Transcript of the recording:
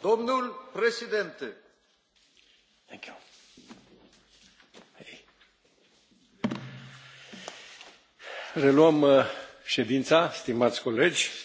Domnul președinte. Thank Reluăm uh, ședința, stimați colegi.